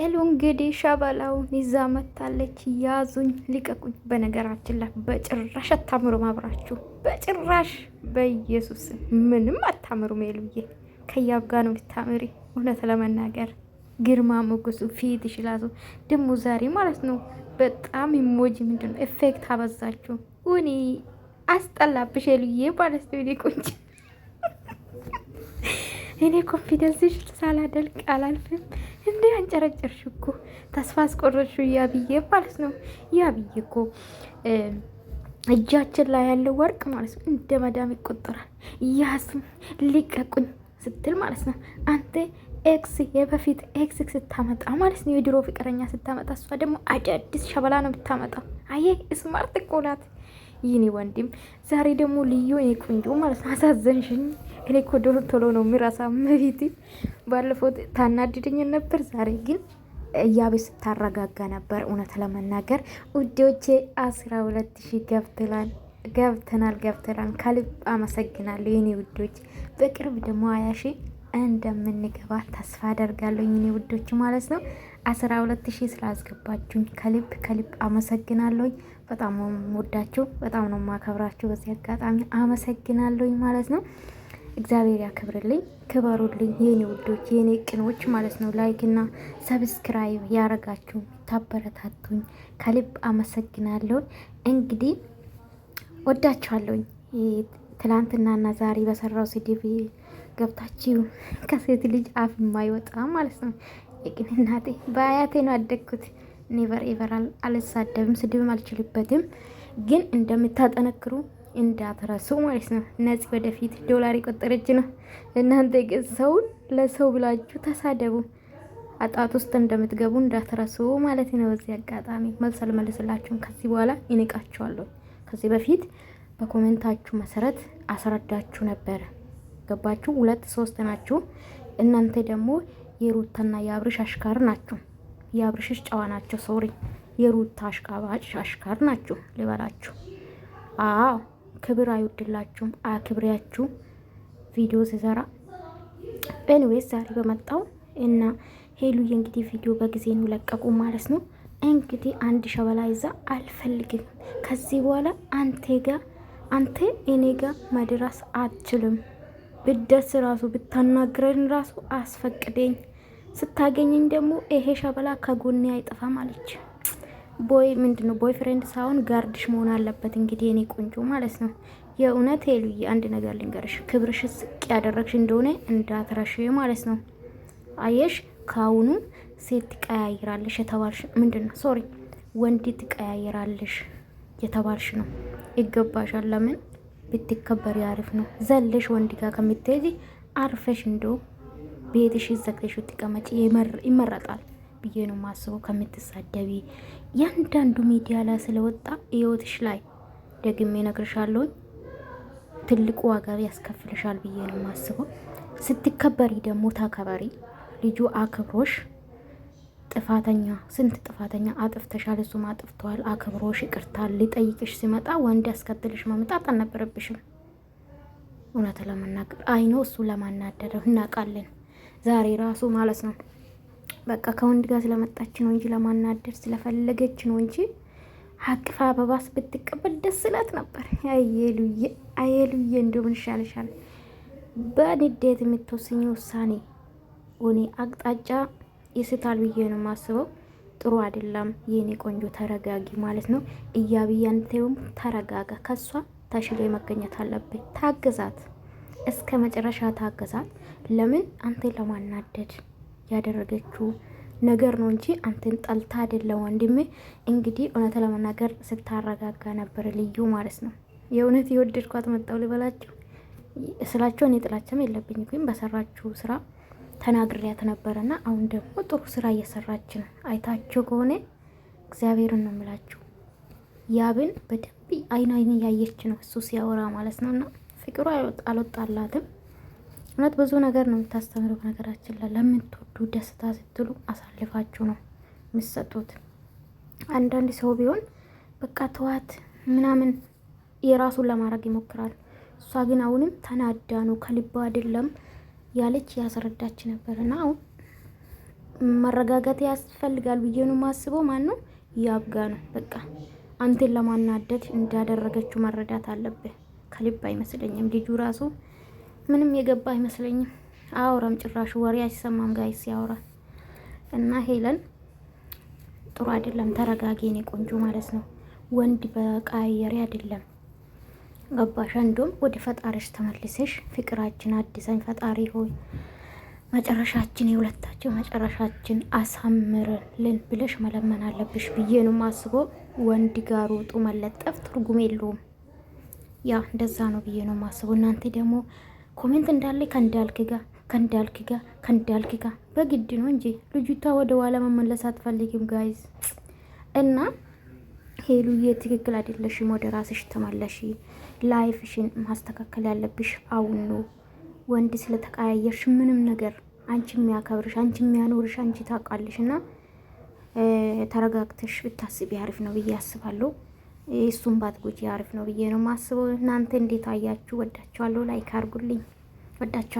ሄሉ እንግዲህ ሸበላውን ይዛ መታለች። ያዙኝ ሊቀቁኝ። በነገራችን ላይ በጭራሽ አታምሩም አብራችሁ፣ በጭራሽ በኢየሱስ ምንም አታምሩም። ሄሉዬ ከያብ ጋር ነው ልታምሪ። እውነት ለመናገር ግርማ ሞገሱ ፊት ይችላሉ። ደግሞ ዛሬ ማለት ነው በጣም ኢሞጂ ምንድን ነው ኤፌክት አበዛችሁ። እኔ አስጠላብሽ ሄሉዬ ማለት ነው። ቁንጭ እኔ ኮንፊደንስሽ ሳላደልቅ አላልፍም። እንዴ አንጨረጨርሽ እኮ ተስፋ አስቆረሹ። ያብዬ ማለት ነው ያብዬ እኮ እጃችን ላይ ያለው ወርቅ ማለት ነው እንደ መዳም ይቆጠራል። ያስም ሊቀቁኝ ስትል ማለት ነው አንተ ኤክስ የበፊት ኤክስ ስታመጣ ማለት ነው የድሮ ፍቅረኛ ስታመጣ፣ እሷ ደግሞ አዳዲስ ሸበላ ነው ብታመጣ። አየ ስማርት እኮ ናት። ይህኔ ወንድም ዛሬ ደግሞ ልዩ ቆንጆ ማለት ነው አሳዘንሽኝ። እኔ እኮ ዶሮ ቶሎ ነው የሚረሳ። መቤቴ ባለፈው ታናድድኝ ነበር፣ ዛሬ ግን እያቤ ስታረጋጋ ነበር። እውነት ለመናገር ውዴዎቼ አስራ ሁለት ሺህ ገብትላል ገብተናል ገብተናል። ከልብ አመሰግናለሁ የኔ ውዶች። በቅርብ ደግሞ ሀያ እንደምንገባ ተስፋ አደርጋለሁ የኔ ውዶች ማለት ነው። አስራ ሁለት ሺህ ስላስገባችሁኝ ከልብ ከልብ አመሰግናለሁኝ። በጣም ወዳችሁ በጣም ነው ማከብራችሁ። በዚህ አጋጣሚ አመሰግናለሁኝ ማለት ነው። እግዚአብሔር ያክብርልኝ። ክበሩልኝ የኔ ውዶች የኔ ቅኖች ማለት ነው። ላይክ እና ሰብስክራይብ ያረጋችሁ ታበረታቱኝ ከልብ አመሰግናለሁ። እንግዲህ ወዳችኋለሁኝ። ትላንትናና ዛሬ በሰራው ስድብ ገብታችሁ ከሴት ልጅ አፍ የማይወጣ ማለት ነው። የቅን እናቴ በአያቴ ነው ያደግኩት። ኔቨር ኤቨር አልሳደብም፣ ስድብም አልችልበትም። ግን እንደምታጠነክሩ እንዳትረሱ ማለት ነው። እነዚህ ወደፊት ዶላር የቆጠረች ነው። እናንተ ግን ሰውን ለሰው ብላችሁ ተሳደቡ፣ አጣት ውስጥ እንደምትገቡ እንዳትረሱ ማለት ነው። በዚህ አጋጣሚ መልስ አልመልስላችሁም። ከዚህ በኋላ ይንቃችኋለሁ። ከዚህ በፊት በኮሜንታችሁ መሰረት አስረዳችሁ ነበረ። ገባችሁ? ሁለት ሶስት ናችሁ። እናንተ ደግሞ የሩታና የአብርሽ አሽካር ናችሁ። የአብርሽሽ ጨዋ ናቸው። ሶሪ የሩታ አሽቃባጭ አሽካር ናችሁ ልበላችሁ። አዎ ክብር አይወድላችሁም። አክብሪያችሁ ቪዲዮ ስሰራ ኤኒዌይስ ዛሬ በመጣው እና ሄሉዬ እንግዲህ ቪዲዮ በጊዜ ነው ለቀቁ ማለት ነው። እንግዲህ አንድ ሸበላ ይዛ አልፈልግም ከዚህ በኋላ አንቴ ጋ አንተ እኔ ጋ መድረስ አትችልም። ብደስ ራሱ ብታናግረን ራሱ አስፈቅደኝ፣ ስታገኘኝ ደግሞ ይሄ ሸበላ ከጎኔ አይጠፋም አለች። ቦይ ምንድነው ቦይ ፍሬንድ ሳይሆን ጋርድሽ መሆን አለበት። እንግዲህ የኔ ቆንጆ ማለት ነው። የእውነት ሄሉዬ አንድ ነገር ልንገርሽ፣ ክብርሽ ስቅ ያደረግሽ እንደሆነ እንዳትረሽ ማለት ነው። አየሽ ከአሁኑ ሴት ትቀያይራለሽ የተባልሽ ምንድን ነው ሶሪ ወንድ ትቀያይራለሽ የተባልሽ ነው። ይገባሻል። ለምን ብትከበሪ አሪፍ ነው። ዘለሽ ወንድ ጋር ከምትሄጂ አርፈሽ እንደው ቤትሽ ዘግተሽ ትቀመጭ ይመረጣል። ብዬ ነው ማስበው። ከምትሳደቢ ያንዳንዱ ሚዲያ ላይ ስለወጣ ህይወትሽ ላይ ደግሜ ነግርሻለሁኝ፣ ትልቁ ዋጋ ያስከፍልሻል ብዬ ነው ማስበው። ስትከበሪ ደግሞ ታከበሪ። ልጁ አክብሮሽ ጥፋተኛ ስንት ጥፋተኛ አጥፍተሻል፣ እሱም አጥፍተዋል። አክብሮሽ ይቅርታ ሊጠይቅሽ ሲመጣ ወንድ ያስከትልሽ መምጣት አልነበረብሽም። እውነት ለመናገር አይኖ እሱ ለማናደደው እናውቃለን። ዛሬ ራሱ ማለት ነው በቃ ከወንድ ጋር ስለመጣች ነው እንጂ ለማናደድ ስለፈለገች ነው እንጂ አቅፋ አበባስ ብትቀበል ደስ ይላት ነበር። አየሉዬ አየሉዬ፣ እንዲሁ ምን ይሻልሻል? በንዴት የምትወስኝ ውሳኔ እኔ አቅጣጫ ይስታል ብዬ ነው ማስበው። ጥሩ አይደለም የኔ ቆንጆ፣ ተረጋጊ ማለት ነው። እያብያን ተይውም ተረጋጋ። ከሷ ተሽሎ መገኘት አለብኝ። ታገዛት፣ እስከ መጨረሻ ታገዛት። ለምን አንተ ለማናደድ ያደረገችው ነገር ነው እንጂ አንተን ጠልታ አይደለም ወንድሜ። እንግዲህ እውነት ለመናገር ስታረጋጋ ነበር ልዩ ማለት ነው። የእውነት የወደድኳት መጣው ልበላችሁ ስላቸው እኔ የለብኝ፣ ግን በሰራችሁ ስራ ተናግሬያት ነበረና አሁን ደግሞ ጥሩ ስራ እየሰራች ነው። አይታችሁ ከሆነ እግዚአብሔርን ነው የምላችሁ ያብን በደንብ አይን አይን እያየች ነው እሱ ሲያወራ ማለት ነው። እና ፍቅሩ አልወጣላትም። እውነት ብዙ ነገር ነው የምታስተምረው። ነገራችን ላይ ለምትወዱ ደስታ ስትሉ አሳልፋችሁ ነው የምትሰጡት። አንዳንድ ሰው ቢሆን በቃ ተዋት ምናምን የራሱን ለማድረግ ይሞክራል። እሷ ግን አሁንም ተናዳ ነው ከልባ አይደለም ያለች ያስረዳች ነበር። እና አሁን መረጋጋት ያስፈልጋል ብዬ ነው የማስበው። ማን ነው ያብጋ ነው በቃ አንቴን ለማናደድ እንዳደረገችው መረዳት አለብህ። ከልብ አይመስለኝም ልጁ ራሱ ምንም የገባ አይመስለኝም። አውራም ጭራሽ ወሬ አይሰማም ጋይ ያውራ እና ሄለን ጥሩ አይደለም። ተረጋጊ የኔ ቆንጆ ማለት ነው። ወንድ በቃየሪ አይደለም ገባሽ? እንዲሁም ወደ ፈጣሪሽ ተመልሰሽ ፍቅራችን አዲሰኝ። ፈጣሪ ሆይ መጨረሻችን የሁለታችን መጨረሻችን አሳምርልን ብለሽ መለመን አለብሽ ብዬ ነው ማስበው። ወንድ ጋር ውጡ መለጠፍ ትርጉም የለውም። ያ እንደዛ ነው ብዬ ነው ማስበው። እናንተ ደግሞ ኮሜንት እንዳለ ከእንዳልክ ጋር ከእንዳልክ ጋር ከእንዳልክ ጋር በግድ ነው እንጂ ልጅቷ ወደ ኋላ መመለስ አትፈልግም ጋይዝ እና ሄሉዬ ትክክል አይደለሽም። ወደ ራስሽ ተመለሽ። ላይፍሽን ማስተካከል ያለብሽ አሁን ነው። ወንድ ስለተቀያየርሽ ምንም ነገር አንቺ የሚያከብርሽ አንቺ የሚያኖርሽ አንቺ ታውቃለሽ። እና ተረጋግተሽ ብታስቢ አሪፍ ነው ብዬ አስባለሁ። እሱም ባትጎጂ አሪፍ ነው ብዬ ነው ማስበው። እናንተ እንዴት አያችሁ? ወዳችኋለሁ። ላይክ አርጉልኝ። ወዳችኋለሁ።